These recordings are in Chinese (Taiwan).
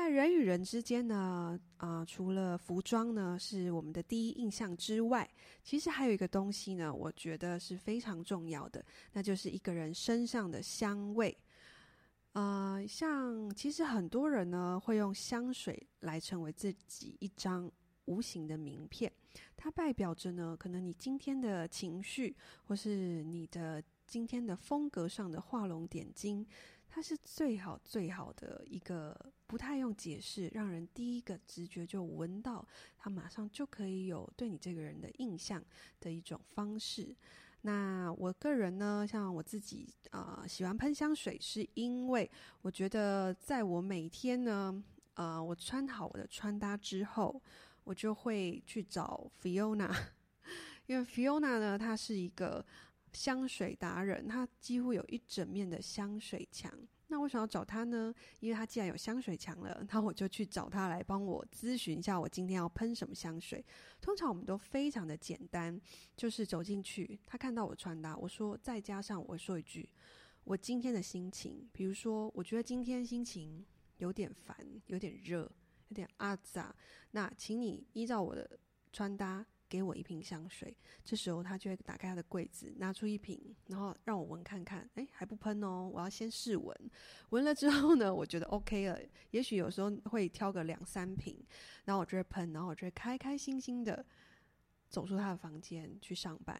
在人與人之間呢，啊、呃，除了服裝呢是我們的第一印象之外，其實還有一個東西呢，我覺得是非常重要的，那就是一個人身上的香味。啊、呃，像其實很多人呢會用香水來成為自己一張無形的名片，它代表着呢，可能你今天的情緒，或是你的今天的風格上的畫龍點睛。它是最好最好的一個，不太用解釋，讓人第一個直覺就聞到，它馬上就可以有對你這個人的印象的一種方式。那我個人呢，像我自己啊、呃，喜歡噴香水，是因為我覺得在我每天呢，呃，我穿好我的穿搭之後，我就會去找 Fiona， 因為 Fiona 呢，她是一個。香水達人，他幾乎有一整面的香水牆。那為什麼要找他呢？因為他既然有香水牆了，那我就去找他來幫我諮詢一下，我今天要噴什麼香水。通常我們都非常的簡單，就是走進去，他看到我穿搭，我說再加上我會說一句，我今天的心情，比如說我覺得今天心情有點煩，有點熱，有點阿雜，那請你依照我的穿搭，給我一瓶香水，這時候他就會打開他的櫃子，拿出一瓶，然後讓我聞看看。哎，還不噴哦，我要先試聞。聞了之後呢，我覺得 OK 了。也許有時候會挑個兩三瓶，然後我就會噴，然後我就會開開心心的走出他的房間去上班。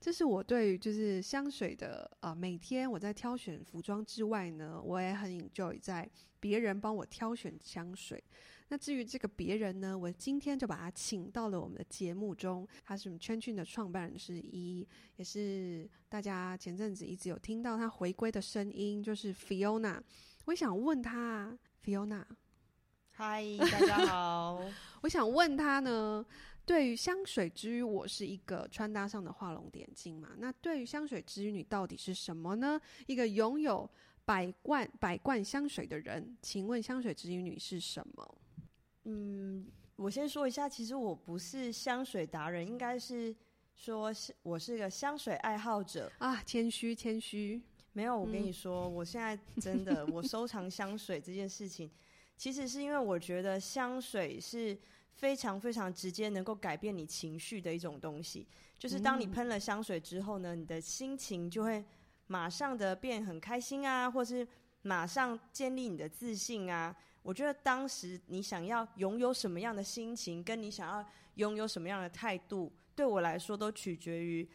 這是我對於就是香水的啊，呃。每天我在挑選服裝之外呢，我也很 enjoy 在別人幫我挑選香水。那至於這個別人呢，我今天就把他請到了我們的節目中。他是我們 CHENCHUN 的創辦人之一，也是大家前陣子一直有聽到他回歸的聲音，就是 Fiona。我想問他，Fiona，嗨， 大家好。我想問他呢，對於香水之於我是一個穿搭上的畫龍點睛嘛？那對於香水之於你到底是什麼呢？一個擁有百罐百罐香水的人，請問香水之於你是什麼？嗯，我先說一下，其實我不是香水達人，應該是說是我是個香水愛好者啊，謙虛謙虛。沒有，我跟你說、嗯，我現在真的，我收藏香水這件事情， 其實是因為我覺得香水是非常非常直接能夠改變你情緒的一種東西，就是當你噴了香水之後呢，你的心情就會馬上的變很開心啊，或是馬上建立你的自信啊。我覺得當時你想要擁有什麼樣的心情，跟你想要擁有什麼樣的態度，對我來說都取決於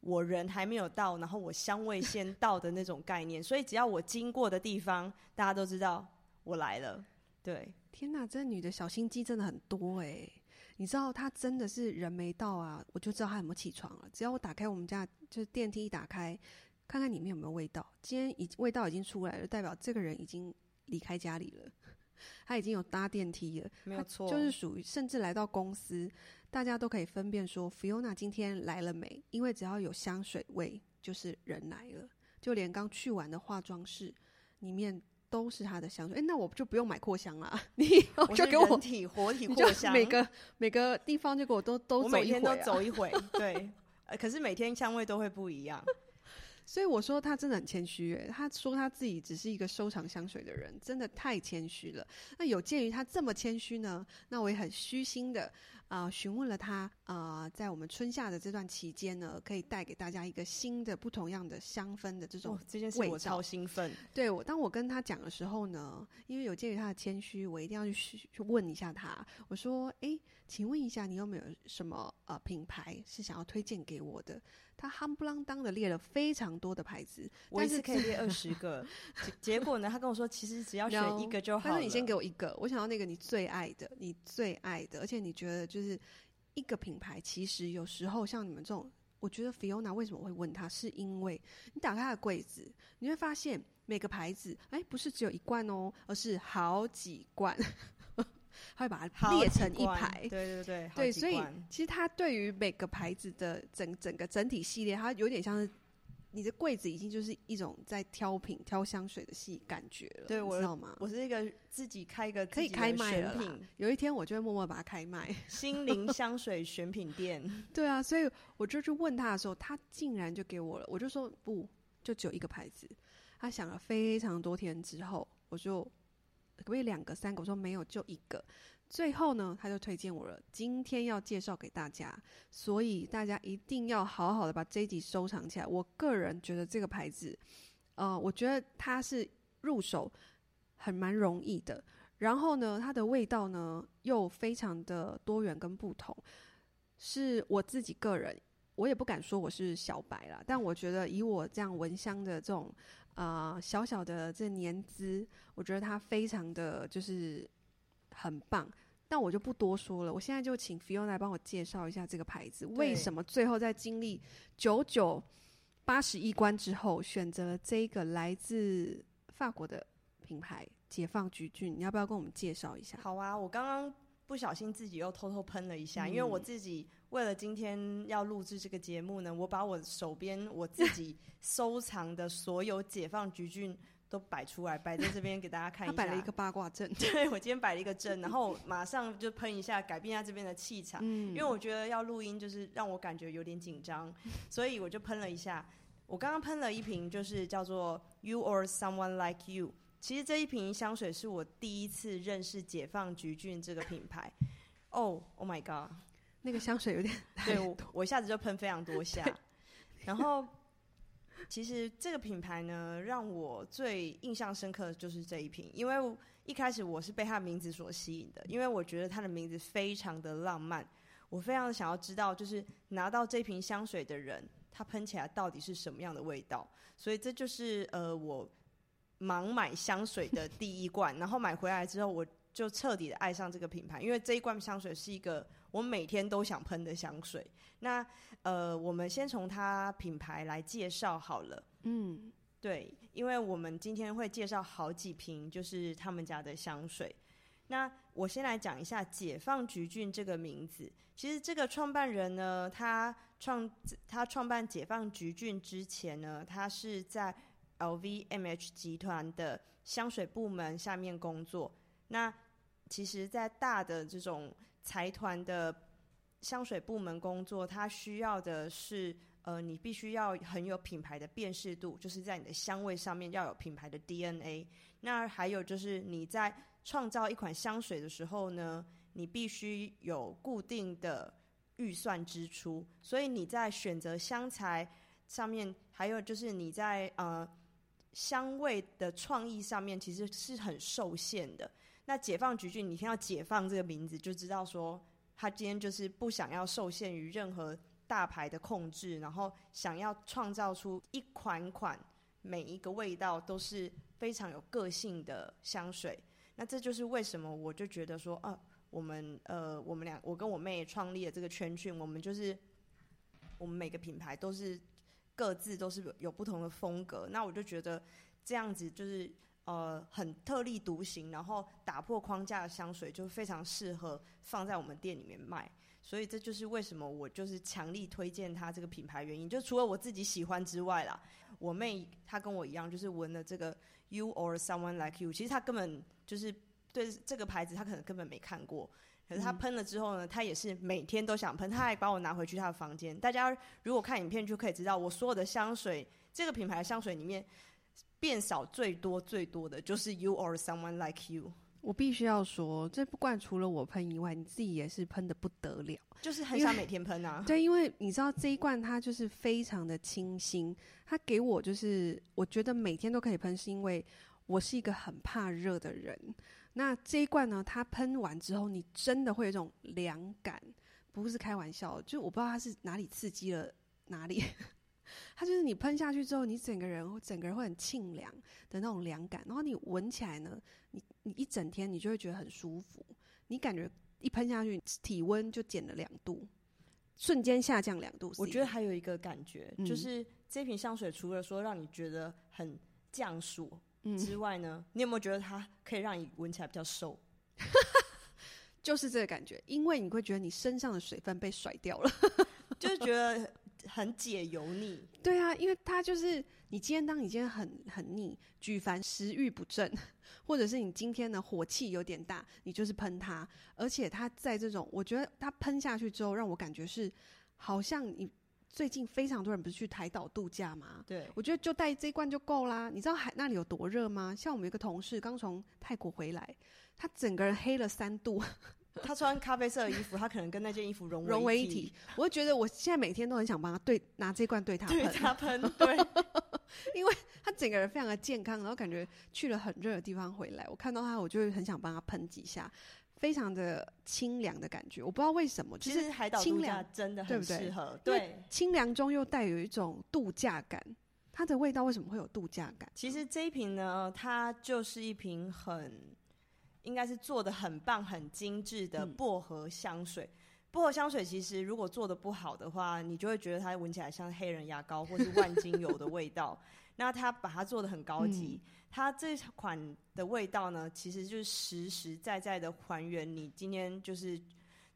我人還沒有到，然後我香味先到的那種概念。 所以只要我經過的地方，大家都知道我來了。對，天哪！這女的小心機真的很多哎、欸！你知道她真的是人沒到啊，我就知道她有沒有起床了。只要我打開我們家就是電梯一打開，看看裡面有沒有味道，今天已經味道已經出來了，代表這個人已經離開家裡了。他已經有搭電梯了，沒有錯，就是屬於甚至來到公司，大家都可以分辨說 Fiona 今天來了沒，因為只要有香水味，就是人來了。就連剛去完的化妝室裡面都是他的香水，哎、欸，那我就不用買擴香啦。你就給我,我體活體擴香，你就每個每個地方就給我都都走,一回、啊、我每天都走一回， 對、呃，可是每天香味都會不一樣。 所以我說他真的很謙虛誒，他說他自己只是一個收藏香水的人，真的太謙虛了。那有鑑於他這麼謙虛呢，那我也很虛心的。啊、呃，詢問了他啊、呃，在我們春夏的這段期間呢，可以帶給大家一個新的、不同樣的香氛的這種味道。喔、這件事我超興奮！對，我當我跟他講的時候呢，因為有鑑於他的謙虛，我一定要去去問一下他。我說：“哎、欸，請問一下，你有沒有什麼呃品牌是想要推薦給我的？”他夯不啷噹的列了非常多的牌子，但是可以列二十個。 結果呢，他跟我說：“其實只要選一個就好。”他說你先給我一個，我想要那個你最愛的，你最愛的，而且你覺得就是。就是一個品牌，其實有時候像你們這種，我覺得 Fiona 為什麼會問他，是因為你打開他的櫃子，你會發現每個牌子，哎、欸，不是只有一罐哦，而是好幾罐，他會把它列成一排，對對對，對，所以其實他對於每個牌子的整整個整體系列，他有點像是。你的櫃子已經就是一種在挑品、挑香水的戲，感覺了，對，我知道嗎？我，我是一個自己開一個可以開賣的選品。有一天我就會默默把它開賣，心靈香水選品店。 對啊，所以我就去問他的時候，他竟然就給我了。我就說不，就只有一個牌子。他想了非常多天之後，我就可不可以兩個、三個，我說沒有，就一個。最後呢，他就推薦我了。今天要介紹給大家，所以大家一定要好好的把這一集收藏起來。我個人覺得這個牌子，呃，我覺得它是入手很蠻容易的。然後呢，它的味道呢又非常的多元跟不同。是我自己個人，我也不敢說我是小白啦，但我覺得以我這樣聞香的這種啊、呃、小小的這年資，我覺得它非常的就是。很棒，但我就不多說了。我現在就請 Fiona 來幫我介紹一下這個牌子，為什麼最後在經歷九九八十一關之後，選擇這個來自法國的品牌——解放橘郡。你要不要跟我們介紹一下？好啊，我剛剛不小心自己又偷偷噴了一下、嗯，因為我自己為了今天要錄制這個節目呢，我把我手邊我自己 收藏的所有解放橘郡。都擺出來，擺在這邊給大家看一下。他擺了一個八卦陣，對，我今天擺了一個陣，然後馬上就噴一下， 改變一下這邊的氣場，嗯，因為我覺得要錄音就是讓我感覺有點緊張，所以我就噴了一下。我剛剛噴了一瓶，就是叫做《You or Someone Like You》。其實這一瓶香水是我第一次認識解放橘郡這個品牌。哦 oh, oh my god，那個香水有點……對，我一下子就噴非常多下， 然後。其實這個品牌呢，讓我最印象深刻的就是這一瓶，因為一開始我是被它的名字所吸引的，因為我覺得它的名字非常的浪漫，我非常想要知道，就是拿到這瓶香水的人，它噴起來到底是什麼樣的味道，所以這就是呃我盲買香水的第一罐， 然後買回來之後我。就徹底的愛上這個品牌，因為這一罐香水是一個我每天都想噴的香水。那呃，我們先從它品牌來介紹好了。嗯，對，因為我們今天會介紹好幾瓶，就是他們家的香水。那我先來講一下“解放橘郡”這個名字。其實這個創辦人呢，他創他創辦“解放橘郡”之前呢，他是在 LVMH 集團的香水部門下面工作。那其實，在大的這種財團的香水部門工作，它需要的是呃，你必須要很有品牌的辨識度，就是在你的香味上面要有品牌的 DNA。那還有就是你在創造一款香水的時候呢，你必須有固定的預算支出，所以你在選擇香材上面，還有就是你在呃香味的創意上面，其實是很受限的。那解放橘郡，你聽到“解放”這個名字，就知道說他今天就是不想要受限於任何大牌的控制，然後想要創造出一款款每一個味道都是非常有個性的香水。那這就是為什麼我就覺得說，啊，我們呃，我們倆，我跟我妹創立了這個圈圈，我們就是我們每個品牌都是各自都是有不同的風格。那我就覺得這樣子就是。呃，很特立獨行，然後打破框架的香水就非常適合放在我們店裡面賣，所以這就是為什麼我就是強力推薦它這個品牌原因。就除了我自己喜歡之外啦，我妹她跟我一樣，就是聞了這個 You or Someone Like You，其實她根本就是對這個牌子，她可能根本沒看過。可是她噴了之後呢，她也是每天都想噴，她還把我拿回去她的房間。大家如果看影片就可以知道，我所有的香水，這個品牌的香水裡面。變少最多最多的就是 you or someone like you。我必須要說，這罐除了我噴以外，你自己也是噴得不得了，就是很想每天噴啊。對，因為你知道這一罐它就是非常的清新，它給我就是我覺得每天都可以噴，是因為我是一個很怕熱的人。那這一罐呢，它噴完之後，你真的會有這種涼感，不是開玩笑，就我不知道它是哪裡刺激了哪裡。它就是你噴下去之後，你整個人整個人會很清涼的那種涼感，然後你聞起來呢，你你一整天你就會覺得很舒服，你感覺一噴下去，體溫就減了兩度，瞬間下降兩度、CM。我覺得還有一個感覺，嗯、就是這瓶香水除了說讓你覺得很降暑之外呢、嗯，你有沒有覺得它可以讓你聞起來比較瘦？ 就是這個感覺，因為你會覺得你身上的水分被甩掉了， 就是覺得。很解油膩，對啊，因為它就是你今天當你今天很很膩，舉凡食慾不振，或者是你今天的火氣有點大，你就是噴它。而且它在這種，我覺得它噴下去之後，讓我感覺是好像你最近非常多人不是去台島度假嗎？對，我覺得就帶這一罐就夠啦。你知道海那裡有多熱嗎？像我們有個同事剛從泰國回來，他整個人黑了三度。他穿咖啡色的衣服，他可能跟那件衣服融 融為一體。我會覺得我現在每天都很想幫他對，拿這罐對他噴，對他噴，對， 因為他整個人非常的健康，然後感覺去了很熱的地方回來，我看到他，我就會很想幫他噴幾下，非常的清涼的感覺。我不知道為什麼，其實海島清涼真的很適合，對，對，對，對，清涼中又帶有一種度假感。它的味道為什麼會有度假感？其實這一瓶呢，它就是一瓶很。應該是做的很棒、很精緻的薄荷香水。嗯。薄荷香水其實如果做得不好的話，你就會覺得它聞起來像黑人牙膏或是萬金油的味道。 那它把它做的很高級，嗯，它這款的味道呢，其實就是實實在在在的還原你今天就是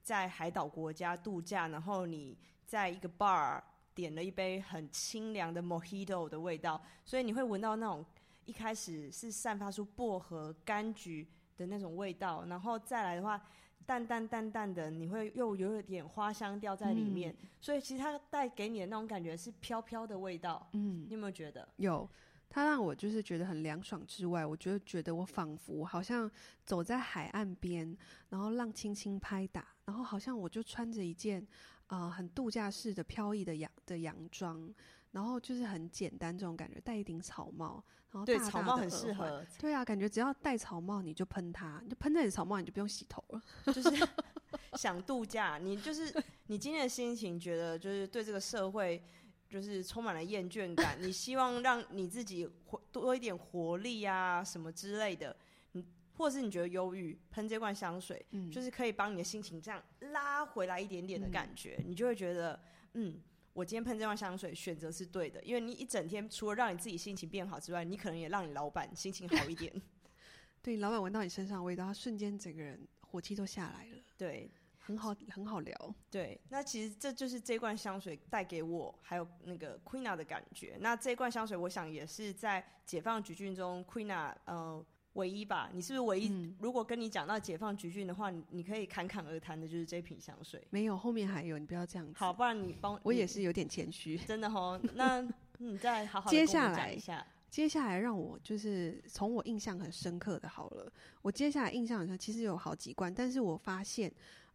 在海島國家度假，然後你在一個 bar 點了一杯很清涼的 mojito 的味道，所以你會聞到那種一開始是散發出薄荷、柑橘。的那種味道，然後再來的話，淡淡淡淡的，你會又有一點花香調在裡面，嗯，所以其實它帶給你的那種感覺是飄飄的味道。嗯，你有沒有覺得？有，它讓我就是覺得很涼爽之外，我就覺、覺得我仿佛好像走在海岸邊，然後浪輕輕拍打，然後好像我就穿着一件啊，呃、很度假式的飄逸的洋的洋裝，然後就是很簡單這種感覺，戴一頂草帽。Oh, 對大大草帽很適合，對啊！感覺只要戴草帽，你就噴它，你就噴在你這頂草帽，你就不用洗頭了。就是想度假， 你就是你今天的心情，覺得就是對這個社會就是充滿了厭倦感， 你希望讓你自己活多一點活力啊什麼之類的，你或者是你覺得憂鬱，噴這罐香水，嗯，就是可以幫你的心情這樣拉回來一點點的感覺，嗯，你就會覺得嗯。我今天噴這罐香水，選擇是對的，因為你一整天除了讓你自己心情變好之外，你可能也讓你老板心情好一點。 對，老板聞到你身上味道，我他瞬間整個人火氣都下來了。對，很好，很好聊。對，那其實這就是這罐香水帶給我，還有那個 Queena 的的感覺。那這一罐香水，我想也是在解放橘郡中 Queena，呃。唯一吧，你是不是唯一？嗯、如果跟你講到解放橘郡的話你，你可以侃侃而談的，就是這瓶香水。沒有，後面還有，你不要這樣子。好，不然你幫、嗯，我也是有點謙虛。真的吼， 那你再好好下接下來一下，接下來讓我就是從我印象很深刻的，好了，我接下來印象好像其實有好幾罐，但是我發現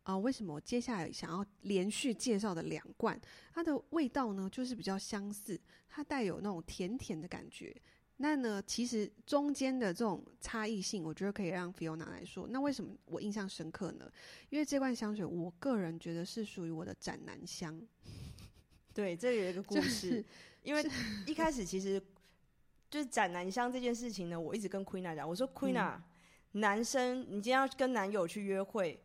啊、呃，為什麼我接下來想要連續介紹的兩罐，它的味道呢，就是比較相似，它帶有那種甜甜的感覺。那呢？其實中間的這種差異性，我覺得可以讓 Fiona 來說。那為什麼我印象深刻呢？因為這罐香水，我個人覺得是屬於我的斬男香。對，這裡有一個故事、 就是。因為一開始其實 就是斬男香這件事情呢，我一直跟 Queena 講，我說 Queena、啊嗯、男生你今天要跟男友去約會，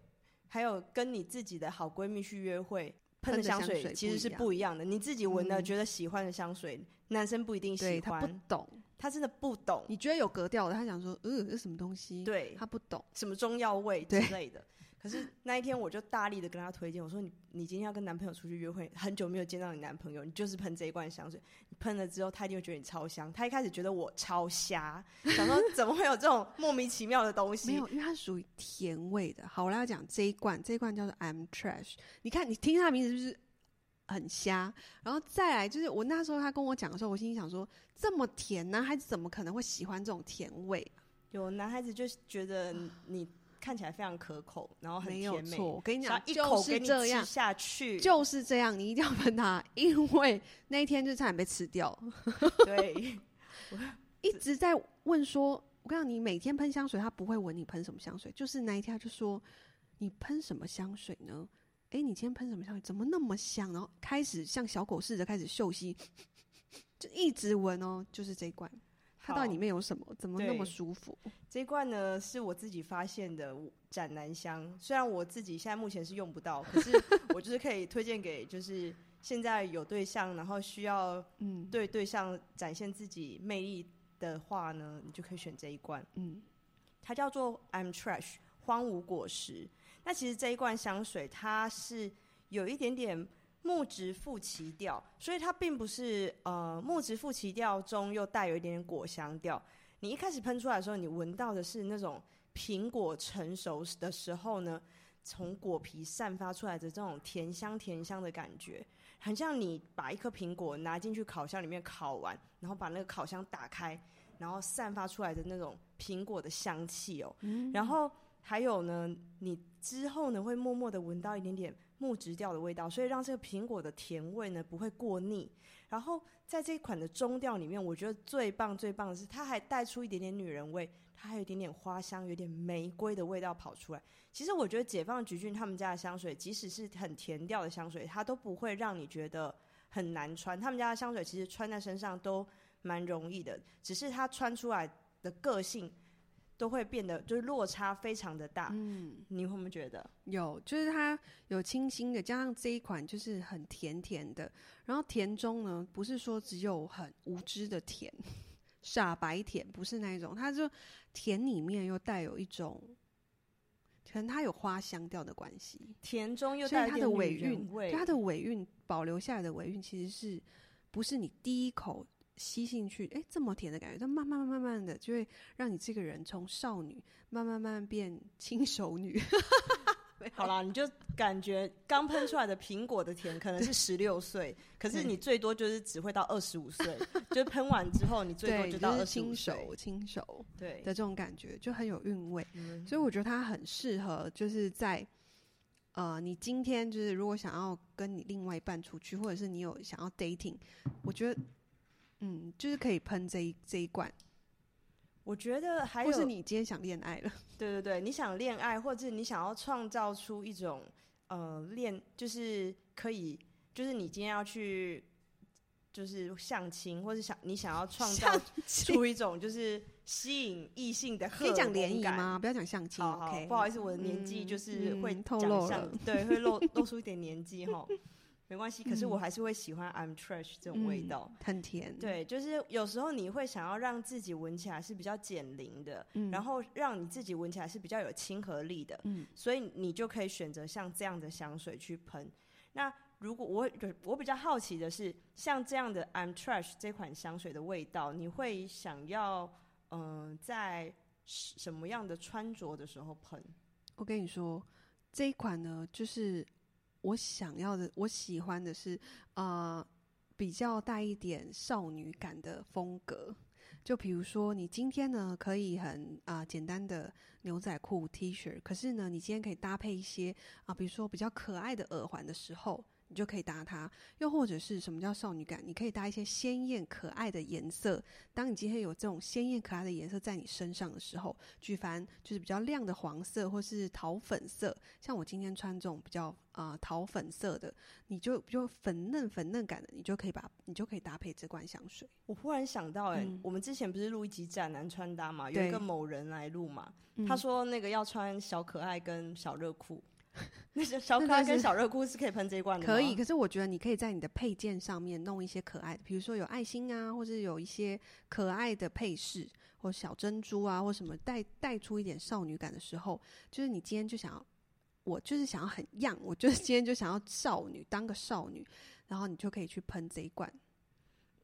還有跟你自己的好閨蜜去約會，噴的香水其實是不一樣的。的樣你自己聞了覺得喜歡的香水、嗯，男生不一定喜歡，對，他不懂。他真的不懂，你覺得有格調的，他想說，嗯，這是什麼東西？對，他不懂什麼中藥味之類的。可是那一天，我就大力的跟他推薦，我說你，你今天要跟男朋友出去約會，很久沒有見到你男朋友，你就是噴這一罐香水，你噴了之後，他一定會覺得你超香。他一開始覺得我超瞎， 想說怎麼會有這種莫名其妙的東西？ 沒有，因為它屬於甜味的。好，我來講這一罐，這一罐叫做 I'm Trash。你看，你聽他的名字是不是？是很瞎，然後再來就是我那時候他跟我講的時候，我心裡想說：這麼甜、啊，男孩子怎麼可能會喜歡這種甜味、啊？有男孩子就是覺得你看起來非常可口，然後很甜美。沒有錯，我跟你講，一口是這樣給你吃下去，就是這樣，你一定要噴他，因為那一天就差點被吃掉。對， 一直在問說，我告訴你，每天噴香水，他不會聞你噴什麼香水，就是那一天他就說，你噴什麼香水呢？哎、欸，你今天噴什麼香？怎麼那麼香？然後開始像小狗似的開始嗅吸， 就一直聞哦、喔。就是這一罐，它到底裡面有什麼？怎麼那麼舒服？這一罐呢，是我自己發現的斬男香。雖然我自己現在目前是用不到，可是我就是可以推薦給，就是現在有對象， 然後需要嗯對對象展現自己魅力的話呢，你就可以選這一罐。嗯，它叫做 I'm Trash 荒蕪果實。那其實這一罐香水，它是有一點點木質馥奇調，所以它並不是呃木質馥奇調中又帶有一點點果香調。你一開始噴出來的時候，你聞到的是那種蘋果成熟的時候呢，從果皮散發出來的這種甜香甜香的感覺，很像你把一顆蘋果拿進去烤箱裡面烤完，然後把那個烤箱打開，然後散發出來的那種蘋果的香氣哦、喔嗯。然後還有呢，你。之後呢，會默默地聞到一點點木質調的味道，所以讓這個蘋果的甜味呢不會過膩。然後在這一款的中調裡面，我覺得最棒，最棒的是它還帶出一點點女人味，它還有一點點花香，有點玫瑰的味道跑出來。其實我覺得解放橘郡他們家的香水，即使是很甜調的香水，它都不會讓你覺得很難穿。他們家的香水其實穿在身上都蠻容易的，只是它穿出來的個性，都會變得就是落差非常的大，嗯，你會不會覺得有？就是它有清新的，加上這一款就是很甜甜的，然後甜中呢不是說只有很無知的甜，傻白甜不是那一種，它就甜裡面又帶有一種，可能它有花香調的關係，甜中又帶它的尾韻，它的尾韻保留下來的尾韻其實是不是你第一口。吸進去，哎、欸，這麼甜的感覺，它慢慢、慢慢、慢的就會讓你這個人從少女慢慢慢慢變輕熟女。 好啦，你就感覺剛噴出來的蘋果的甜可能是十六歲，可是你最多就是只會到二十五歲，是就是噴完之後你最多就到就是、輕熟、輕熟，對的這種感覺就很有韻味。所以我覺得它很適合，就是在、嗯、呃，你今天就是如果想要跟你另外一半出去，或者是你有想要 dating，我覺得。嗯，就是可以噴這一這一罐。我覺得還有，或是你今天想戀愛了？對對對，你想戀愛，或者你想要創造出一種呃戀，就是可以，就是你今天要去，就是相親，或是想你想要創造出一種就是吸引異性的荷爾蒙感。可以講聯誼嗎？不要講相親，oh，OK？嗯、不好意思，我的年紀就是會透、嗯嗯、露對，會露露出一點年紀哈。 沒關係，可是我還是會喜歡 I'm Trash 這種味道，嗯，很甜。對，就是有時候你會想要讓自己聞起來是比較減齡的，嗯，然後讓你自己聞起來是比較有親和力的，嗯，所以你就可以選擇像這樣的香水去噴。那如果我我比較好奇的是，像這樣的 I'm Trash 這款香水的味道，你會想要嗯，呃，在什麼樣的穿着的時候噴？我跟你說，這一款呢，就是。我想要的，我喜歡的是啊、呃，比較帶一點少女感的風格。就比如說，你今天呢可以很啊、呃、簡單的牛仔褲 T 恤，可是呢你今天可以搭配一些啊、呃，比如說比較可愛的耳環的時候。你就可以搭它，又或者是什麼叫少女感？你可以搭一些鮮豔可愛的顏色。當你今天有這種鮮豔可愛的顏色在你身上的時候，舉凡就是比較亮的黃色或是桃粉色，像我今天穿這種比較啊、呃、桃粉色的，你就比較粉嫩粉嫩感的，你就可以把你就可以搭配這罐香水。我忽然想到、欸，哎、嗯，我們之前不是錄一集宅男穿搭嘛，有一個某人來錄嘛、嗯，他說那個要穿小可愛跟小熱褲。 那些小可愛跟小熱褲是可以噴這一罐的，那那可以。可是我覺得你可以在你的配件上面弄一些可愛的，比如說有愛心啊，或者有一些可愛的配飾，或小珍珠啊，或什麼帶帶出一點少女感的時候，就是你今天就想要，我就是想要很樣，我就是今天就想要少女， 當個少女，然後你就可以去噴這一罐。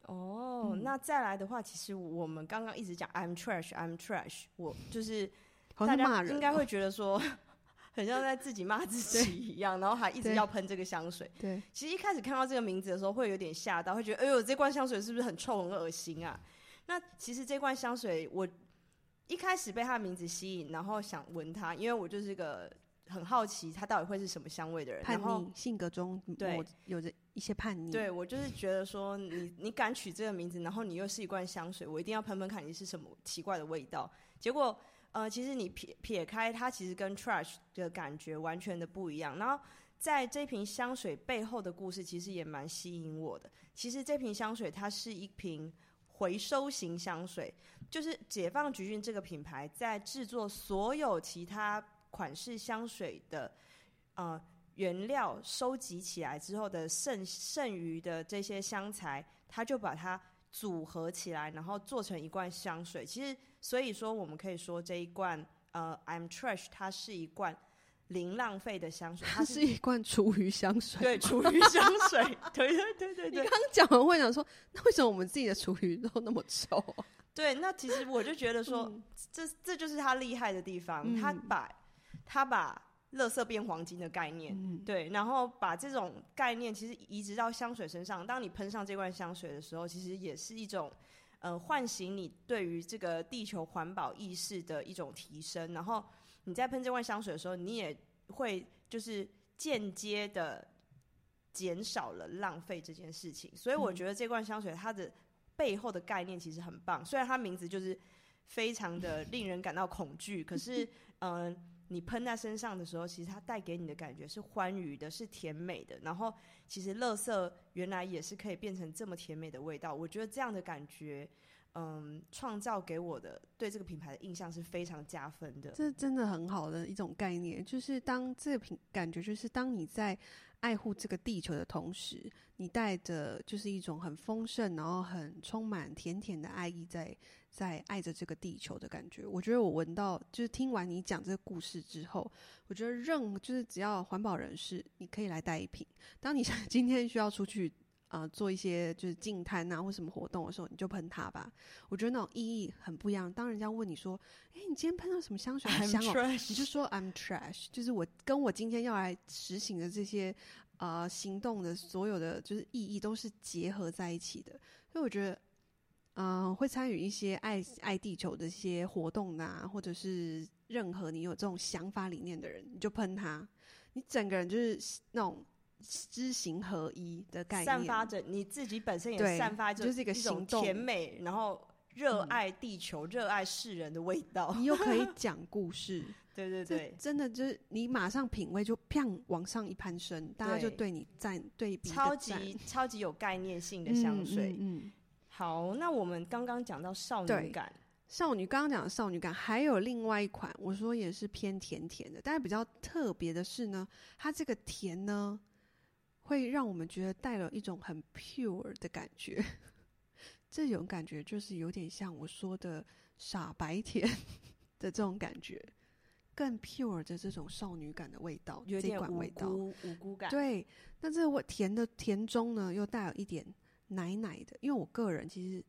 哦、oh，那再來的話，其實我們剛剛一直講 I'm trash I'm trash，我就是大家應該會覺得說。很像在自己罵自己一樣，然後還一直要噴這個香水對。對，其實一開始看到這個名字的時候，會有點嚇到，會覺得：“哎呦，這罐香水是不是很臭很噁心啊？”那其實這罐香水，我一開始被它的名字吸引，然後想聞它，因為我就是一個很好奇它到底會是什麼香味的人。叛逆然後性格中，對我有着一些叛逆。對我就是覺得說你，你你敢取這個名字，然後你又是一罐香水，我一定要噴噴看，你是什麼奇怪的味道。結果。呃，其實你撇撇開它，其實跟 trash 的感覺完全的不一樣。然後，在這瓶香水背後的故事，其實也蠻吸引我的。其實這瓶香水它是一瓶回收型香水，就是解放橘郡這個品牌在製作所有其他款式香水的呃原料收集起來之後的剩剩餘的這些香材，他就把它。組合起來，然後做成一罐香水。其實，所以說我們可以說這一罐呃，I'm Trash，它是一罐零浪費的香水，它是，是一罐廚餘香水。對， 廚餘香水。對對對對對。你剛講完會想說，那為什麼我們自己的廚餘都那麼臭啊？對，那其實我就覺得說，這這就是他厲害的地方，他、嗯、把，他把。垃圾變黃金的概念，對，然後把這種概念其實移植到香水身上。當你噴上這罐香水的時候，其實也是一種，呃，喚醒你對於這個地球環保意識的一種提升。然後你在噴這罐香水的時候，你也會就是間接的減少了浪費這件事情。所以我覺得這罐香水它的背後的概念其實很棒。雖然它名字就是非常的令人感到恐懼， 可是嗯。呃你噴在身上的時候，其實它帶給你的感覺是歡愉的，是甜美的。然後，其實垃圾原來也是可以變成這麼甜美的味道。我覺得這樣的感覺。嗯，創造給我的對這個品牌，的印象是非常加分的，這真的很好的一種概念。就是當這個品，感覺就是當你在愛護這個地球的同時，你帶着就是一種很豐盛，然後很充滿甜甜的愛意在，在在愛着這個地球的感覺。我覺得我聞到，就是聽完你講這個故事之後，我覺得任就是只要環保人士，你可以來帶一瓶。當你想今天需要出去，啊、呃，做一些就是淨灘吶，或什麼活動的時候，你就噴他吧。我覺得那種意義很不一樣。當人家問你說：“哎、欸，你今天噴到什麼香水很香、哦？”你就說：“I'm trash。”就是我跟我今天要來實行的這些呃行動的所有的就是意義都是結合在一起的。所以我覺得，嗯、呃，會參與一些愛愛地球的一些活動吶、啊，或者是任何你有這種想法理念的人，你就噴他。你整個人就是那種。知行合一的概念，散發着你自己本身也散發着就是一種甜美，就是一個行動，然後熱愛地球，熱、嗯、愛世人的味道。你又可以講故事， 對，對對對，真的就是你馬上品味就砰往上一攀升，大家就對你讚，對，對比，超級超級有概念性的香水。嗯，嗯嗯好，那我們剛剛講到少女感，少女剛剛講的少女感，還有另外一款，我說也是偏甜甜的，但是比較特別的是呢，它這個甜呢。會讓我們覺得帶了一種很 pure 的感覺，這種感覺就是有點像我說的傻白甜的這種感覺，更 pure 的這種少女感的味道，有點無辜，這一款味道，無辜感。對，那這我甜的甜中呢，又帶有一點奶奶的，因為我個人其實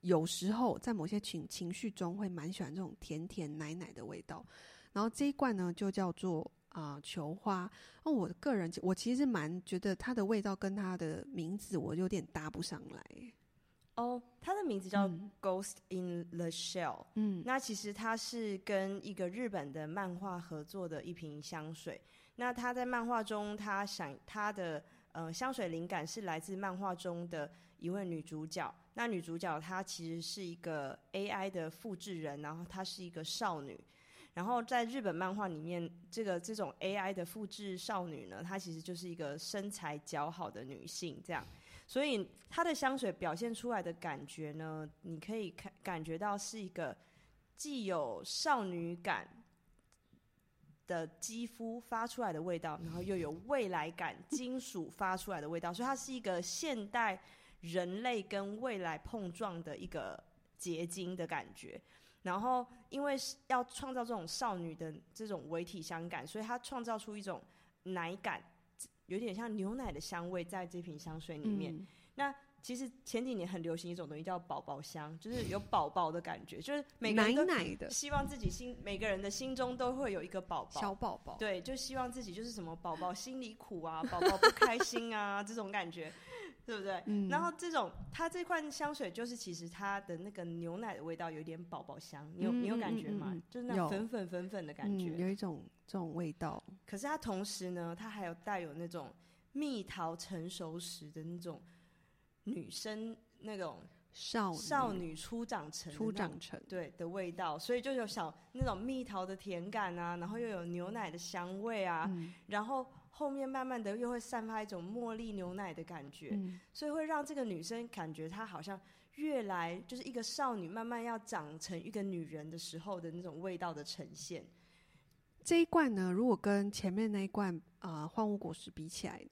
有時候在某些情情緒中會蠻喜歡這種甜甜奶奶的味道，然後這一罐呢就叫做。啊，囚花哦、啊，我的個人我其實蠻覺得它的味道跟它的名字我有點搭不上來哦、欸。它、oh, 的名字叫 Ghost in the Shell，嗯，那其實它是跟一個日本的漫畫合作的一瓶香水。那它在漫畫中，它想它的呃香水靈感是來自漫畫中的一位女主角。那女主角她其實是一個 AI 的複製人，然後她是一個少女。然後在日本漫畫裡面，這個這種 AI 的複製少女呢，她其實就是一個身材姣好的女性這樣，所以她的香水表現出來的感覺呢，你可以看，感覺到是一個既有少女感的肌膚發出來的味道，然後又有未來感，金屬發出來的味道，所以它是一個現代人類跟未來碰撞的一個結晶的感覺。然後，因為要創造這種少女的這種唯體香感，所以它創造出一種奶感，有點像牛奶的香味在這瓶香水裡面。嗯、那其實前幾年很流行一種東西叫寶寶香，就是有寶寶的感覺， 就是每個人都希望自己心奶奶，每個人的心中都會有一個寶寶，小寶寶，對，就希望自己就是什麼寶寶 心裡苦啊，寶寶不開心啊 這種感覺。對不對、嗯？然後這種它這款香水就是，其實它的那個牛奶的味道有點寶寶香，你有你有感覺嗎？嗯、就是那種粉，粉粉粉粉的感覺，嗯、有一種這種味道。可是它同時呢，它還有帶有那種蜜桃成熟時的那種女生那種少少女初長成初長成對的味道，所以就有小那種蜜桃的甜感啊，然後又有牛奶的香味啊，嗯、然後。後面慢慢的又會散發一種茉莉牛奶的感覺、嗯，所以會讓這個女生感覺她好像越來就是一個少女慢慢要長成一個女人的時候的那種味道的呈現。這一罐呢，如果跟前面那一罐啊，呃，荒蕪果實比起來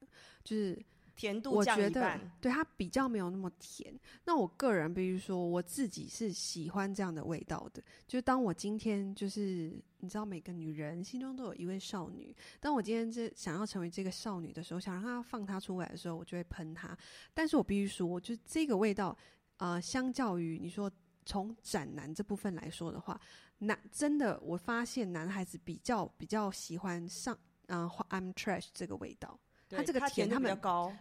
就是。甜度我覺得，對它比較沒有那麼甜。那我個人必、必須說，我自己是喜歡這樣的味道的。就是當我今天，就是你知道，每個女人心中都有一位少女。當我今天這想要成為這個少女的時候，想讓她放她出來的時候，我就會噴她。但是我必須說，我就是這個味道，啊、呃，相較於你說，從斬男這部分來說的話，男真的我發現男孩子比較比較喜歡上，嗯、呃，I'm Trash 這個味道。他這個甜，他們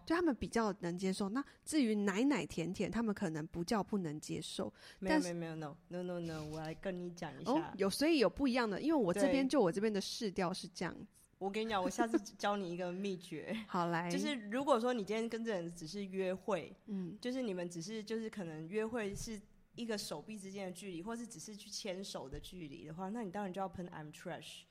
對他們比較能接受。那至於奶奶甜甜，他們可能不叫不能接受。沒有沒有沒有 no no no no，我來跟你講一下、哦。有所以有不一樣的，因為我這邊就我這邊的試調是這樣子。我跟你講，我下次教你一個秘訣。 好來，就是如果說你今天跟這人只是約會，嗯，就是你們只是就是可能約會是一個手臂之間的距離，或是只是去牽手的距離的話，那你當然就要噴 I'm trash。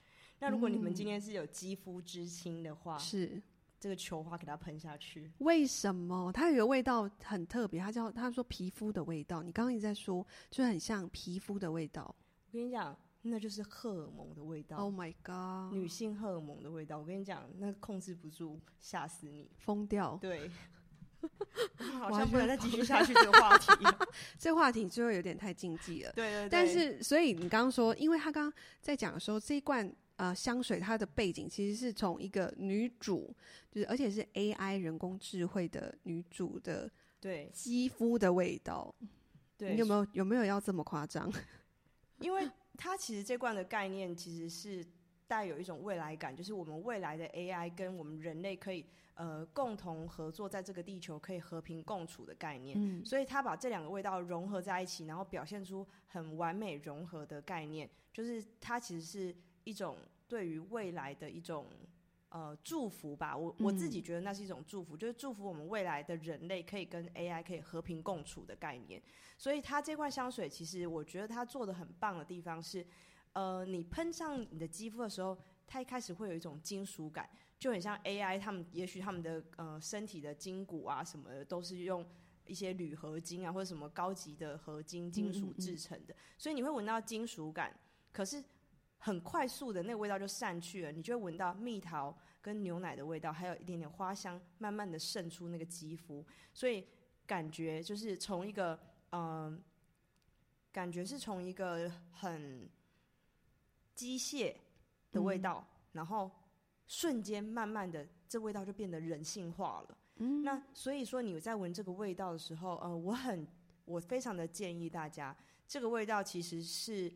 那如果你們今天是有肌膚之親的話，嗯、是。這個囚花給它噴下去，為什麼？它有個味道很特別，它叫他說皮膚的味道。你剛剛一直在說，就很像皮膚的味道。我跟你講，那就是荷爾蒙的味道。Oh my god，女性荷爾蒙的味道。我跟你講，那控制不住，嚇死你，瘋掉。對， 我好像不能再繼續下去這個話題、啊， 這話題最後有點太禁忌了。對對對。但是，所以你剛剛說，因為他剛剛在講的時候，這一罐。啊、呃，香水它的背景其實是從一個女主，就是而且是 AI 人工智慧的女主的對肌膚的味道，對，對你有沒有有沒有要這麼誇張？因為它其實這罐的概念其實是帶有一種未來感，就是我們未來的 AI 跟我們人類可以呃共同合作，在這個地球可以和平共處的概念，嗯、所以它把這兩個味道融合在一起，然後表現出很完美融合的概念，就是它其實是一種。對於未來的一種呃祝福吧，我我自己覺得那是一種祝福，嗯，就是祝福我們未來的人類可以跟 AI 可以和平共處的概念。所以它這塊香水，其實我覺得它做得很棒的地方是，呃，你噴上你的肌膚的時候，它一開始會有一種金屬感，就很像 AI，他們也許他們的呃身體的筋骨啊什麼的都是用一些鋁合金啊或者什麼高級的合金金屬制成的嗯嗯嗯，所以你會聞到金屬感，可是。很快速的，那個味道就散去了，你就會聞到蜜桃跟牛奶的味道，還有一點點花香，慢慢的滲出那個肌膚，所以感覺就是從一個嗯、呃，感覺是從一個很機械的味道，嗯、然後瞬間慢慢的，這味道就變得人性化了。嗯，那所以說你在聞這個味道的時候，呃、我很我非常的建議大家，這個味道其實是。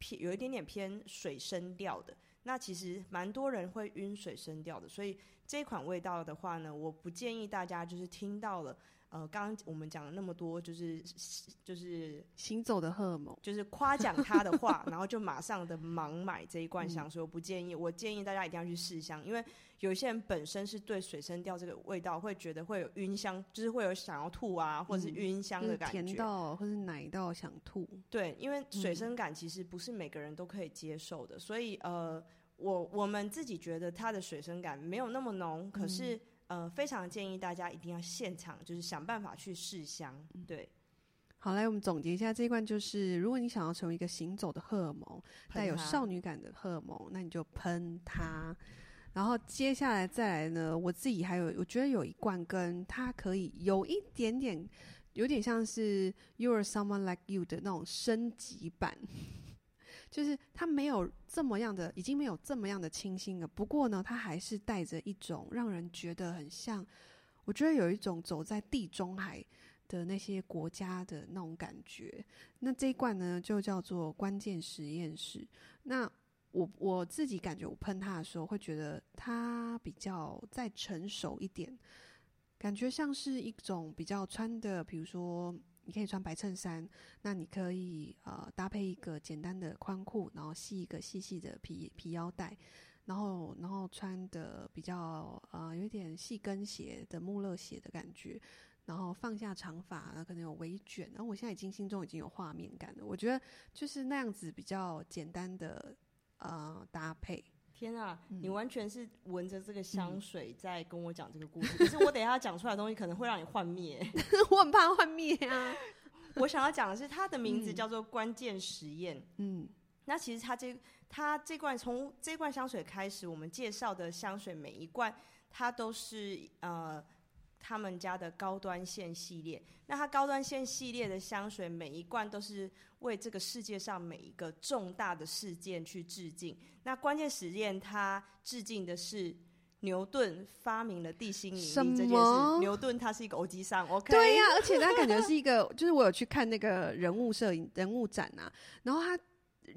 偏有一點點偏水生調的，那其實蠻多人會暈水生調的，所以這款味道的話呢，我不建議大家就是聽到了。呃，剛剛我們講了那麼多，就是就是行走的荷爾蒙，就是誇獎他的話， 然後就馬上的盲買這一罐香水。嗯、我不建議，我建議大家一定要去試香，因為有一些人本身是對水生調這個味道會覺得會有暈香、嗯，就是會有想要吐啊，或者暈香的感覺，嗯就是、甜到或者奶到想吐。對，因為水生感其實不是每個人都可以接受的，嗯、所以呃，我我們自己覺得它的水生感沒有那麼濃，可是。嗯呃，非常建議大家一定要現場就是想辦法去試香，對。好來，我們總結一下這一罐，就是如果你想要成為一個行走的荷爾蒙，帶有少女感的荷爾蒙，那你就噴它。嗯。然後接下來再來呢，我自己還有我覺得有一罐跟它可以有一點點，有點像是 You or Someone Like You 的那種升級版。就是它沒有這麼樣的，已經沒有這麼樣的清新了。不過呢，它還是帶着一種讓人覺得很像，我覺得有一種走在地中海的那些國家的那種感覺。那這一罐呢，就叫做關鍵實驗室。那我我自己感覺，我噴它的時候會覺得它比較再成熟一點，感覺像是一種比較穿的，比如說。你可以穿白襯衫，那你可以呃搭配一個簡單的寬褲，然後繫一個細細的皮皮腰帶，然後然後穿的比較呃有一點細跟鞋的穆勒鞋的感覺，然後放下長髮，然後可能有微卷，然後我現在已經心中已經有畫面感了，我覺得就是那樣子比較簡單的呃搭配。天啊、嗯，你完全是聞着這個香水在跟我講這個故事、嗯。可是我等一下講出來的東西可能會讓你幻滅、欸， 我很怕幻滅啊。我想要講的是，它的名字叫做關鍵實驗。嗯，那其實它這它這罐從這罐香水開始，我們介紹的香水每一罐，它都是呃他們家的高端線系列。那它高端線系列的香水每一罐都是。為這個世界上每一個重大的事件去致敬。那關鍵實驗，他致敬的是牛頓發明了地心引力這件事。牛頓他是一個歐吉桑，OK？對呀、啊，而且他感覺是一個， 就是我有去看那個人物攝影人物展吶、啊，然後他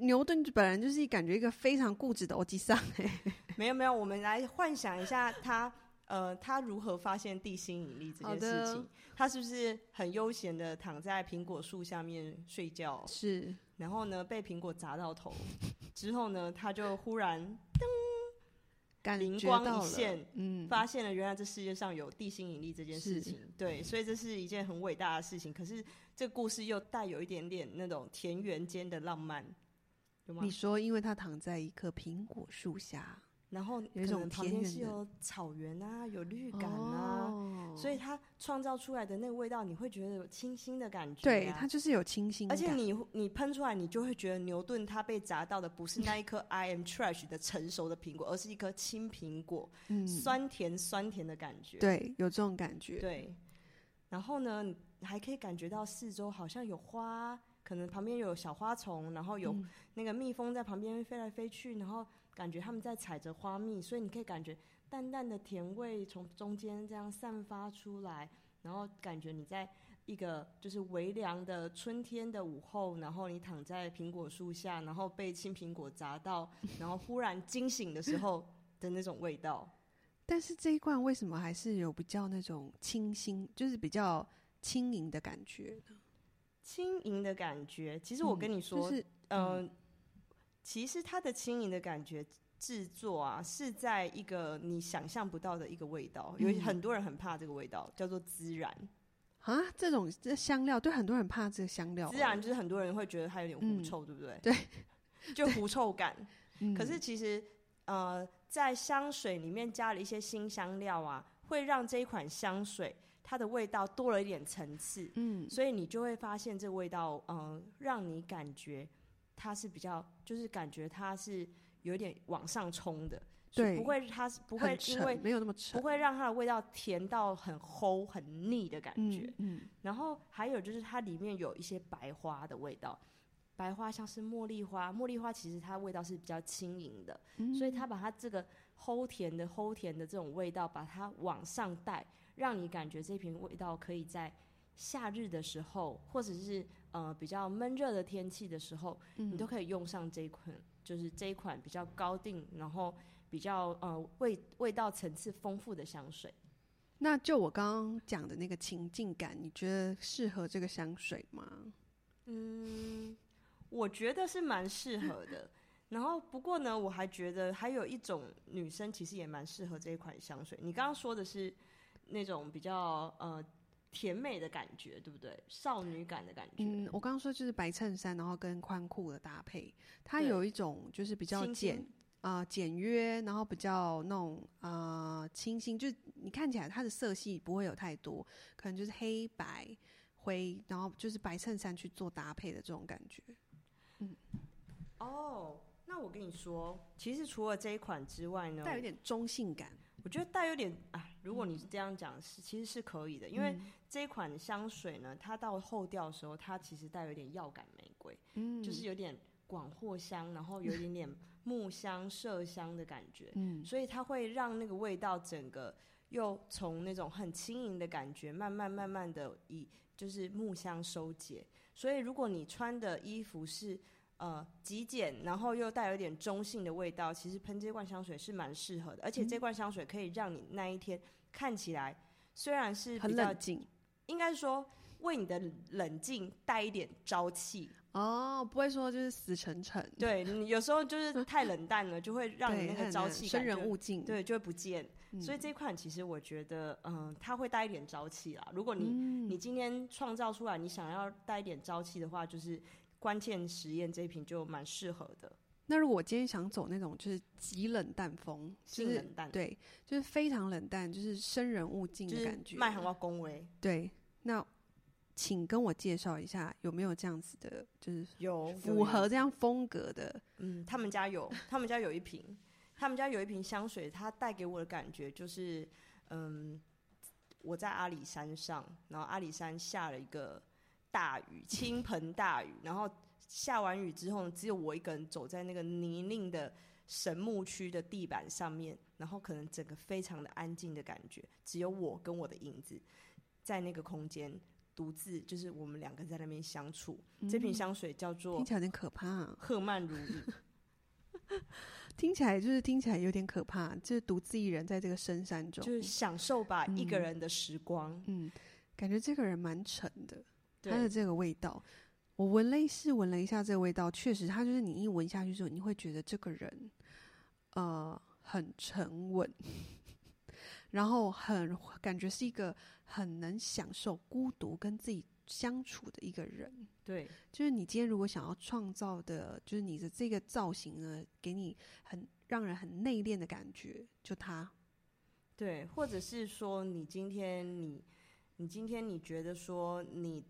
牛頓本來就是感覺一個非常固執的歐基桑。哎，沒有沒有，我們來幻想一下他。 呃，他如何發現地心引力這件事情？他是不是很悠閒的躺在蘋果樹下面睡覺？是，然後呢，被蘋果砸到頭， 之後呢，他就忽然噔，靈光一現，嗯，發現了原來這世界上有地心引力這件事情。對，所以這是一件很偉大的事情。可是這故事又帶有一點點那種田園間的浪漫，你說，因為他躺在一棵蘋果樹下。然後可能旁邊是有草原啊，有綠感啊，所以它創造出來的那個味道，你會覺得有清新的感覺、啊。對，它就是有清新感。而且你你噴出來，你就會覺得牛頓他被砸到的不是那一顆 I am trash 的成熟的蘋果， 而是一顆青蘋果、嗯，酸甜酸甜的感覺。對，有這種感覺。對，然後呢，還可以感覺到四周好像有花，可能旁邊有小花叢，然後有那個蜜蜂在旁邊飛來飛去，嗯、然後。感覺他們在採着花蜜，所以你可以感覺淡淡的甜味從中間這樣散發出來，然後感覺你在一個就是微涼的春天的午後，然後你躺在蘋果樹下，然後被青蘋果砸到，然後忽然驚醒的時候的那種味道。 但是這一罐為什麼還是有比較那種清新，就是比較輕盈的感覺？輕盈的感覺，其實我跟你說，是嗯。就是嗯呃其實它的輕盈的感覺製作啊，是在一個你想象不到的一個味道，因、嗯、為很多人很怕這個味道，叫做孜然啊。這種這香料，對很多人怕這個香料，孜然就是很多人會覺得它有點狐臭，嗯，對不對？對，就狐臭感。可是其實，嗯、呃，在香水裡面加了一些辛香料啊，會讓這一款香水它的味道多了一點層次。嗯，所以你就會發現這個味道，嗯、呃，讓你感覺。它是比較，就是感覺它是有點往上衝的，對，不會它是不會因為沒有那麼沉，不會讓它的味道甜到很齁、很膩的感覺嗯。嗯，然後還有就是它裡面有一些白花的味道，白花像是茉莉花，茉莉花其實它味道是比較輕盈的、嗯，所以它把它這個齁甜的、齁甜的這種味道把它往上帶，讓你感覺這瓶味道可以在，夏日的時候，或者是呃比較悶熱的天氣的時候，嗯，你都可以用上這一款，就是這一款比較高定，然後比較呃味味道層次豐富的香水。那就我剛剛講的那個情境感，你覺得適合這個香水嗎？嗯，我覺得是蠻適合的。 然後不過呢，我還覺得還有一種女生其實也蠻適合這一款香水。你剛剛說的是那種比較呃。甜美的感覺，對不對？少女感的感覺。嗯，我剛剛說就是白襯衫，然後跟寬褲的搭配，它有一種就是比較簡啊、呃、簡約，然後比較那種啊、呃、清新，就是你看起來它的色系不會有太多，可能就是黑白灰，然後就是白襯衫去做搭配的這種感覺。嗯，哦、oh，那我跟你說，其實除了這一款之外呢，帶有點中性感。我覺得帶有點啊，如果你是這樣講，嗯，是其實是可以的，因為這一款香水呢，它到後調的時候，它其實帶有點藥感玫瑰，嗯，就是有點廣藿香，然後有一點點木香、麝香的感覺，嗯，所以它會讓那個味道整個又從那種很輕盈的感覺，慢慢慢慢的以就是木香收結，所以如果你穿的衣服是。呃，極簡，然後又帶有一點中性的味道，其實噴這罐香水是蠻適合的，而且這罐香水可以讓你那一天看起來，雖然是比較很冷靜，應該是說為你的冷靜帶一點朝氣哦，不會說就是死沉沉。對，你有時候就是太冷淡了， 就會讓你那個朝氣生人勿近，對，就會不見。嗯、所以這款其實我覺得，嗯、呃，它會帶一點朝氣啦。如果你、嗯、你今天創造出來，你想要帶一點朝氣的話，就是。關鍵實驗這一瓶就蠻適合的。那如果我今天想走那種就是極冷淡風，就是、性冷淡，對，就是非常冷淡，就是生人勿近的感覺。賣很要恭維，對。那請跟我介紹一下，有沒有這樣子的，就是有、啊、符合這樣風格的？嗯，他們家有， 他們家有一瓶，他們家有一瓶香水，它帶給我的感覺就是，嗯，我在阿里山上，然後阿里山下了一個。大雨，傾盆大雨，然後下完雨之後，只有我一個人走在那個泥濘的神木區的地板上面，然後可能整個非常的安靜的感覺，只有我跟我的影子在那個空間獨自，就是我們兩個在那邊相處，嗯嗯。這瓶香水叫做聽起來有點可怕，啊，赫曼如影，聽起來就是聽起來有點可怕，就是獨自一人在這個深山中，就是享受吧、嗯、一個人的時光。嗯，感覺這個人蠻沉的。它的這個味道，我聞類似聞了一下，這個味道確實，它就是你一聞下去之後，你會覺得這個人，呃，很沉穩， 然後很，感覺是一個很能享受孤獨、跟自己相處的一個人。對，就是你今天如果想要創造的，就是你的這個造型呢，給你很讓人很內斂的感覺，就他，對，或者是說你今天你你今天你覺得說你。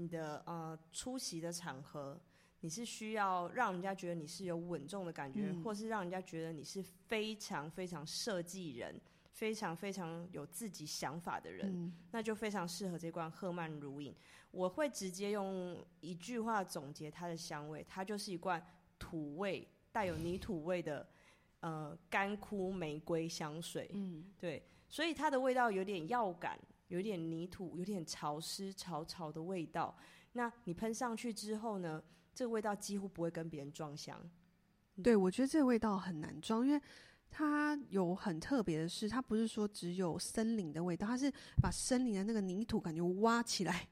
你的呃出席的場合，你是需要讓人家覺得你是有穩重的感覺，嗯，或是讓人家覺得你是非常非常設計人，非常非常有自己想法的人，嗯、那就非常適合這罐赫曼如影。我會直接用一句話總結它的香味，它就是一罐土味帶有泥土味的呃乾枯玫瑰香水。嗯，對，所以它的味道有點藥感。有點泥土，有點潮濕，潮潮的味道。那你噴上去之後呢，這個味道幾乎不會跟別人撞香。對，我覺得這個味道很難裝，因為它有很特別的是，它不是說只有森林的味道，它是把森林的那個泥土感覺挖起來。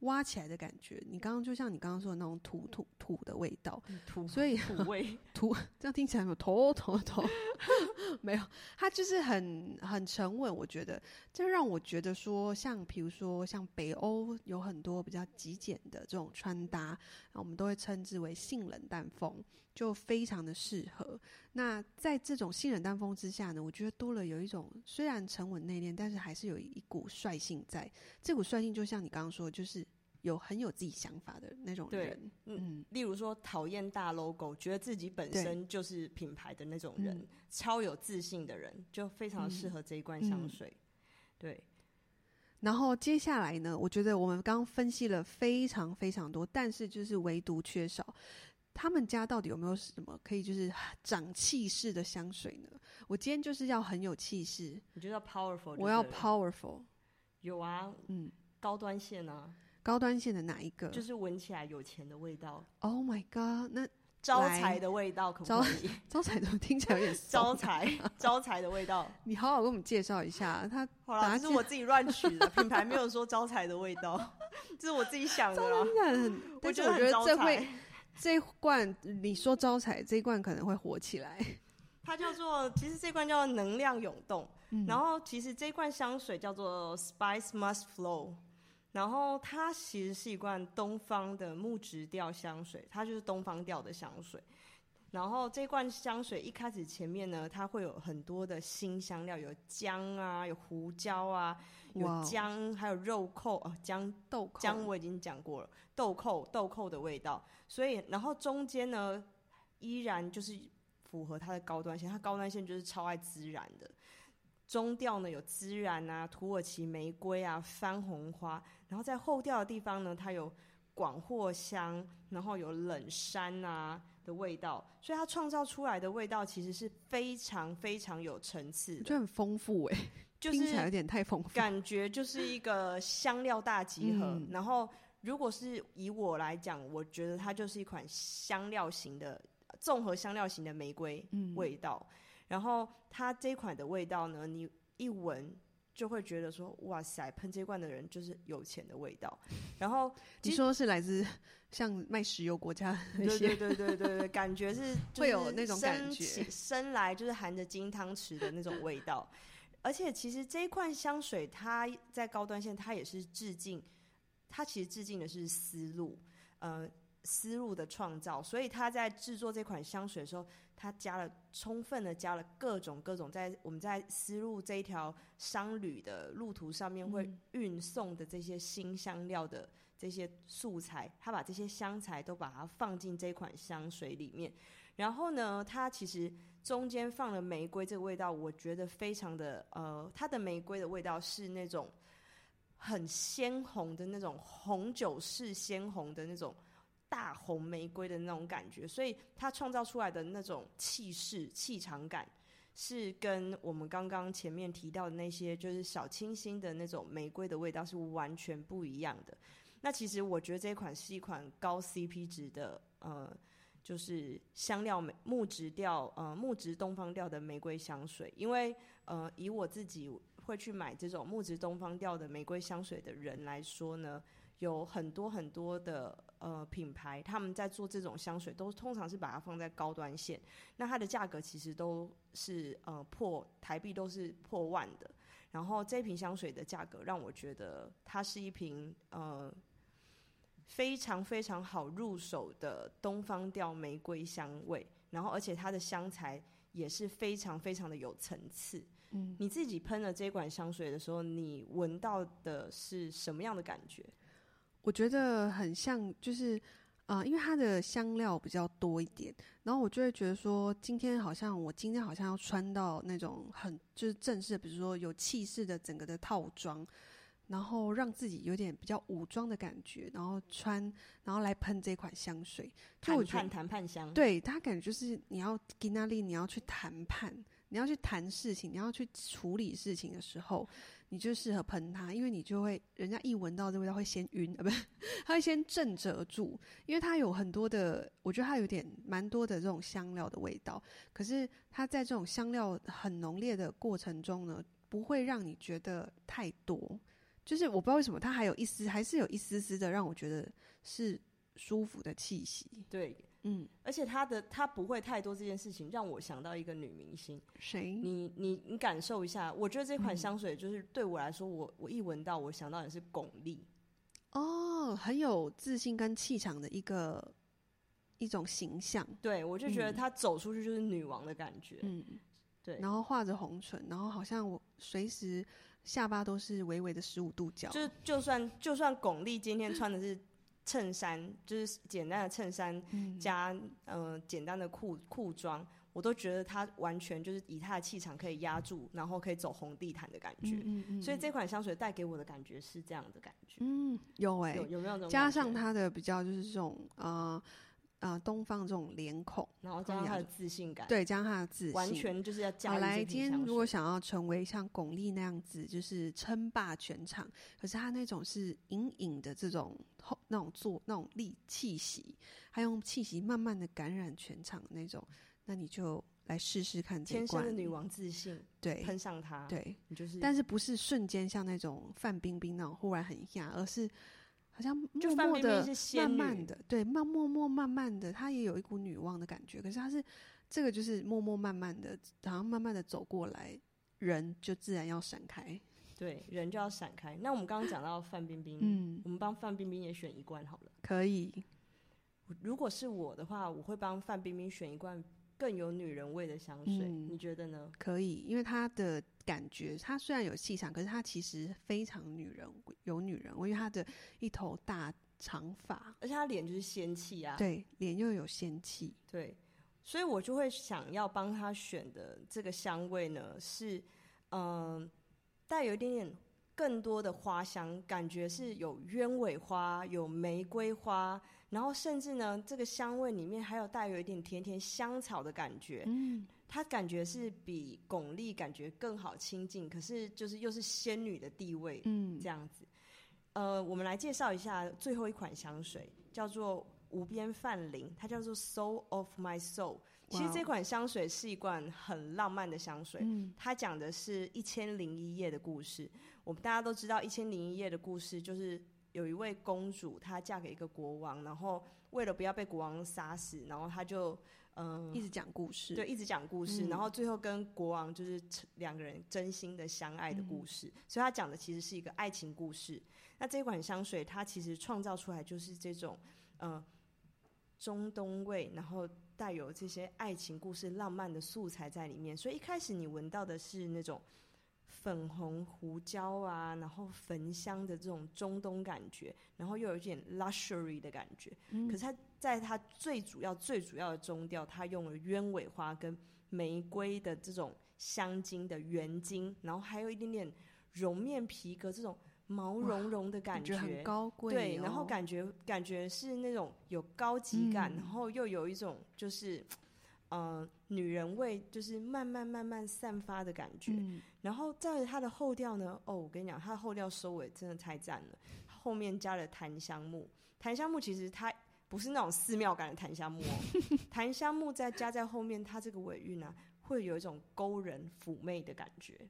挖起來的感覺，你剛剛就像你剛剛說的那種土土土的味道，嗯、土，所以土味土，這樣聽起來有土土土，土土 沒有，他就是很很沉穩，我覺得就讓我覺得說，像比如說像北歐有很多比較極簡的這種穿搭，我們都會稱之為性冷淡風。就非常的適合。那在這種性冷淡風之下呢，我覺得多了有一種雖然沉穩內斂，但是還是有一股率性在。這股率性就像你剛剛說，就是有很有自己想法的那種人。對，嗯，例如說討厭大 logo，覺得自己本身就是品牌的那種人，超有自信的人，就非常適合這一罐香水，嗯。對。然後接下來呢，我覺得我們剛分析了非常非常多，但是就是唯獨缺少。他們家到底有沒有什麼可以就是長氣勢的香水呢？我今天就是要很有氣勢，我覺得 powerful，就我要 powerful，有啊，嗯，高端線啊，高端線的哪一個？就是聞起來有錢的味道。Oh my god，那招財的味道可不可以？招財怎麼聽起來有點招財、啊， 招財的味道， 你好好給我們介紹一下。他本來、就是我自己亂取的， 品牌，沒有說招財的味道， 這是我自己想的啦，真的很，我覺得這會。 這一罐你說招財，這一罐可能會火起來。它叫做，其實這一罐叫做能量湧動，嗯。然後其實這一罐香水叫做 Spice Must Flow，然後它其實是一罐東方的木質調香水，它就是東方調的香水。然後這罐香水一開始前面呢，它會有很多的辛香料，有薑啊，有胡椒啊，有薑，wow、還有肉蔻啊。薑豆蔻，薑我已經講過了，豆蔻豆蔻的味道。所以然後中間呢，依然就是符合它的高端線，它高端線就是超愛孜然的。中調呢有孜然啊，土耳其玫瑰啊，番紅花。然後在後調的地方呢，它有廣藿香，然後有冷杉啊。的味道，所以它創造出來的味道其實是非常非常有層次，欸，就很豐富哎，就是聽起來有點太豐富，感覺就是一個香料大集合。嗯、然後，如果是以我來講，我覺得它就是一款香料型的綜合香料型的玫瑰味道。嗯、然後，它這款的味道呢，你一聞就會覺得說，哇塞，噴這罐的人就是有錢的味道。然後，你說是來自。像賣石油國家那些對，對對對對對， 感覺是，是會有那種感覺起，生來就是含着金湯匙的那種味道。 而且，其實這一款香水，它在高端線，它也是致敬，它其實致敬的是絲路，呃，絲路的創造。所以，他在制作這款香水的時候，他加了充分的加了各種各種在，在我們在絲路這一條商旅的路途上面會運送的這些新香料的。嗯這些素材，他把這些香材都把它放進這款香水裡面。然後呢，它其實中間放了玫瑰這個味道，我覺得非常的呃，它的玫瑰的味道是那種很鮮紅的那種紅酒式鮮紅的那種大紅玫瑰的那種感覺。所以它創造出來的那種氣勢、氣場感，是跟我們剛剛前面提到的那些就是小清新的那種玫瑰的味道是完全不一樣的。那其實我覺得這一款是一款高 CP 值的，呃，就是香料木質調，呃，木質東方調的玫瑰香水。因為，呃，以我自己會去買這種木質東方調的玫瑰香水的人來說呢，有很多很多的呃品牌，他們在做這種香水，都通常是把它放在高端線，那它的價格其實都是呃破台幣都是破萬的。然後這一瓶香水的價格讓我覺得它是一瓶呃。非常非常好入手的東方調玫瑰香味，然後而且它的香材也是非常非常的有層次。嗯。你自己噴了這款香水的時候，你聞到的是什麼樣的感覺？我覺得很像，就是啊，呃，因為它的香料比較多一點，然後我就會覺得說，今天好像我今天好像要穿到那種很就是正式的，比如說有氣勢的整個的套裝。然後讓自己有點比較武裝的感覺，然後穿，然後來噴這款香水。就我覺得談判談判香，對。他感覺就是你要 g 娜 n 你要去談判，你要去談事情，你要去處理事情的時候，你就適合噴它，因為你就會人家一聞到這味道會先暈啊、呃，不是，它會先震懾住，因為它有很多的，我覺得它有點蠻多的這種香料的味道，可是它在這種香料很濃烈的過程中呢，不會讓你覺得太多。就是我不知道為什麼它還有一絲，還是有一絲絲的讓我覺得是舒服的氣息。對，嗯，而且它的它不會太多這件事情讓我想到一個女明星。誰？你你你感受一下，我覺得這款香水就是對我來說，嗯、我我一聞到，我想到的是鞏俐。哦，很有自信跟氣場的一個一種形象。對，我就覺得她走出去就是女王的感覺。嗯，對。然後畫着紅唇，然後好像我隨時。下巴都是微微的十五度角，就就算就算鞏俐今天穿的是襯衫， 就是簡單的襯衫加嗯、呃、簡單的褲褲裝，我都覺得她完全就是以她的氣場可以壓住，然後可以走紅地毯的感覺。嗯嗯嗯，所以這款香水帶給我的感覺是這樣的感覺。嗯，有哎、欸，有有沒有這種感覺？加上她的比較就是這種啊。呃啊、呃，東方這種臉孔，然後加上他的自信感，嗯、對，加上他的自信，完全就是要、啊、來今天如果想要成為像鞏俐那樣子，就是稱霸全場。可是他那種是隱隱的這種後那種做那種力氣息，他用氣息慢慢的感染全場的那種，那你就來試試看這。天生的女王自信，嗯、對，噴上他對、你就是，但是不是瞬間像那種范冰冰那種忽然很像，而是。好像默默的就范冰冰是，慢慢的，對，慢，默默，慢慢的，她也有一股女王的感覺。可是她是這個，就是默默慢慢的，然後慢慢的走過來，人就自然要閃開。對，人就要閃開。那我們剛剛講到范冰冰，嗯，我們幫范冰冰也選一罐好了。可以。如果是我的話，我會幫范冰冰選一罐更有女人味的香水。嗯，你覺得呢？可以，因為她的。感覺她雖然有氣場，可是她其實非常女人，有女人，我因為她的一頭大長髮，而且她臉就是仙氣啊，對，臉又有仙氣，對，所以我就會想要幫她選的這個香味呢，是嗯，帶、呃、有一點點更多的花香，感覺是有鳶尾花、有玫瑰花，然後甚至呢，這個香味裡面還有帶有一點甜甜香草的感覺，嗯。他感覺是比鞏俐感覺更好親近，可是就是又是仙女的地位，嗯，這樣子、嗯。呃，我們來介紹一下最後一款香水，叫做無邊泛靈，它叫做 Soul of My Soul。其實這款香水是一罐很浪漫的香水，它講的是《一千零一夜》的故事、嗯。我們大家都知道，《一千零一夜》的故事就是有一位公主，她嫁給一個國王，然後為了不要被國王殺死，然後她就。嗯，一直講故事，對，一直講故事，嗯，然後最後跟國王就是兩個人真心的相愛的故事，嗯，所以他講的其實是一個愛情故事。那這款香水它其實創造出來就是這種呃中東味，然後帶有這些愛情故事浪漫的素材在裡面，所以一開始你聞到的是那種粉紅胡椒啊，然後焚香的這種中東感覺，然後又有一點 luxury 的感覺，嗯，可是它。在它最主要、最主要的中調，它用了鳶尾花跟玫瑰的這種香精的原精，然後還有一點點絨面皮革這種毛茸茸的感覺，感覺很高貴、哦，對，然後感覺感覺是那種有高級感，嗯、然後又有一種就是、呃、女人味，就是慢慢慢慢散發的感覺。嗯、然後在它的後調呢，哦，我跟你講，它的後調收尾真的太贊了，後面加了檀香木，檀香木其實它。不是那種寺廟感的檀香木、喔， 檀香木再加在後面，它這個尾韻啊，會有一種勾人嫵媚的感覺，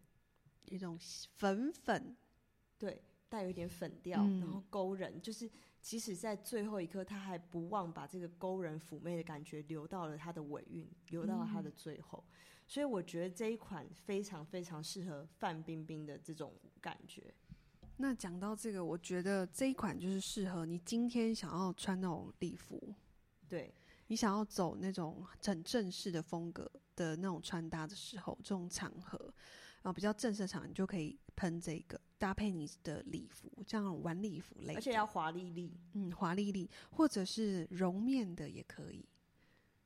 一種粉粉，對，帶有一點粉調、嗯，然後勾人，就是即使在最後一刻，他還不忘把這個勾人嫵媚的感覺留到了它的尾韻，留到了它的最後、嗯，所以我覺得這一款非常非常適合范冰冰的這種感覺。那講到這個，我覺得這一款就是適合你今天想要穿那種禮服，對，你想要走那種很正式的風格的那種穿搭的時候，這種場合，然後比較正式的場合，你就可以噴這個搭配你的禮服，像晚禮服類的，而且要華麗麗，嗯，華麗麗，或者是絨面的也可以，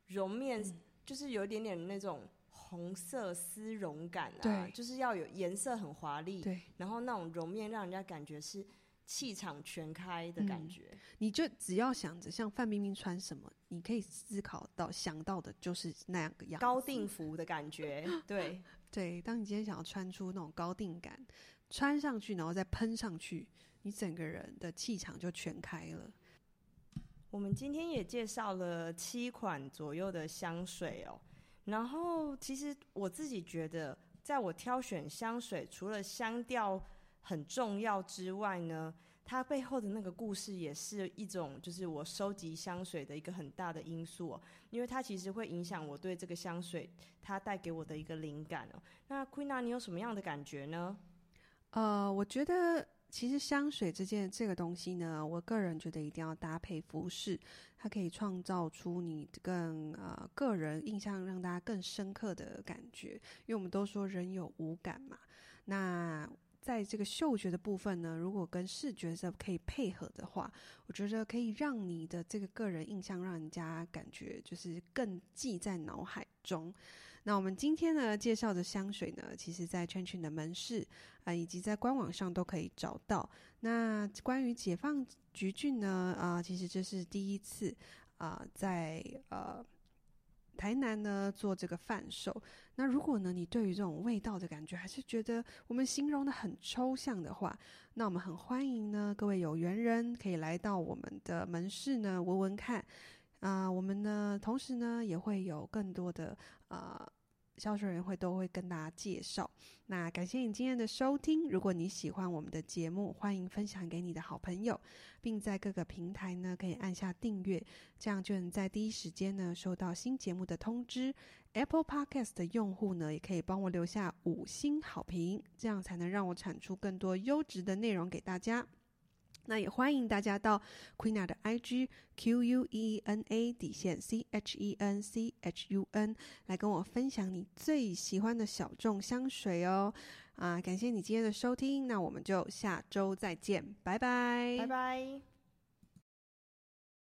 絨面、嗯、就是有一點點那種。紅色絲絨感啊，對，就是要有顏色很華麗，然後那種絨面讓人家感覺是氣場全開的感覺。嗯、你就只要想着像范冰冰穿什麼，你可以思考到想到的就是那樣的樣。高定服的感覺，對、 啊、對。當你今天想要穿出那種高定感，穿上去然後再噴上去，你整個人的氣場就全開了。我們今天也介紹了七款左右的香水哦。然後，其實我自己覺得，在我挑選香水，除了香調很重要之外呢，它背後的那個故事也是一種，就是我收集香水的一個很大的因素哦，因為它其實會影響我對這個香水它帶給我的一個靈感哦。那 Queena 你有什麼樣的感覺呢？呃，uh，我覺得。其實香水這件這個東西呢，我個人覺得一定要搭配服飾，它可以創造出你更呃個人印象，讓大家更深刻的感覺。因為我們都說人有五感嘛，那在這個嗅覺的部分呢，如果跟視覺上可以配合的話，我覺得可以讓你的這個個人印象，讓人家感覺就是更記在腦海中。那我們今天呢，介紹的香水呢，其實在 CHENCHUN 的門市啊、呃，以及在官網上都可以找到。那關於解放橘郡呢，啊、呃，其實這是第一次啊、呃，在呃台南呢做這個販售。那如果呢你對於這種味道的感覺，還是覺得我們形容的很抽象的話，那我們很歡迎呢各位有緣人可以來到我們的門市呢聞聞看。啊、呃，我們呢同時呢也會有更多的。呃，銷售人員會都會跟大家介紹。那感謝你今天的收聽。如果你喜歡我們的節目，歡迎分享給你的好朋友，並在各個平台呢可以按下訂閱，這樣就能在第一時間呢收到新節目的通知。Apple Podcast 的用戶呢，也可以幫我留下五星好評，這樣才能讓我產出更多優質的內容給大家。那也歡迎大家到 Queena 的 IG Q U E N A 底線 C H E N C H U N 來跟我分享你最喜歡的小眾香水哦！啊，感謝你今天的收聽，那我們就下周再見，拜拜，拜拜。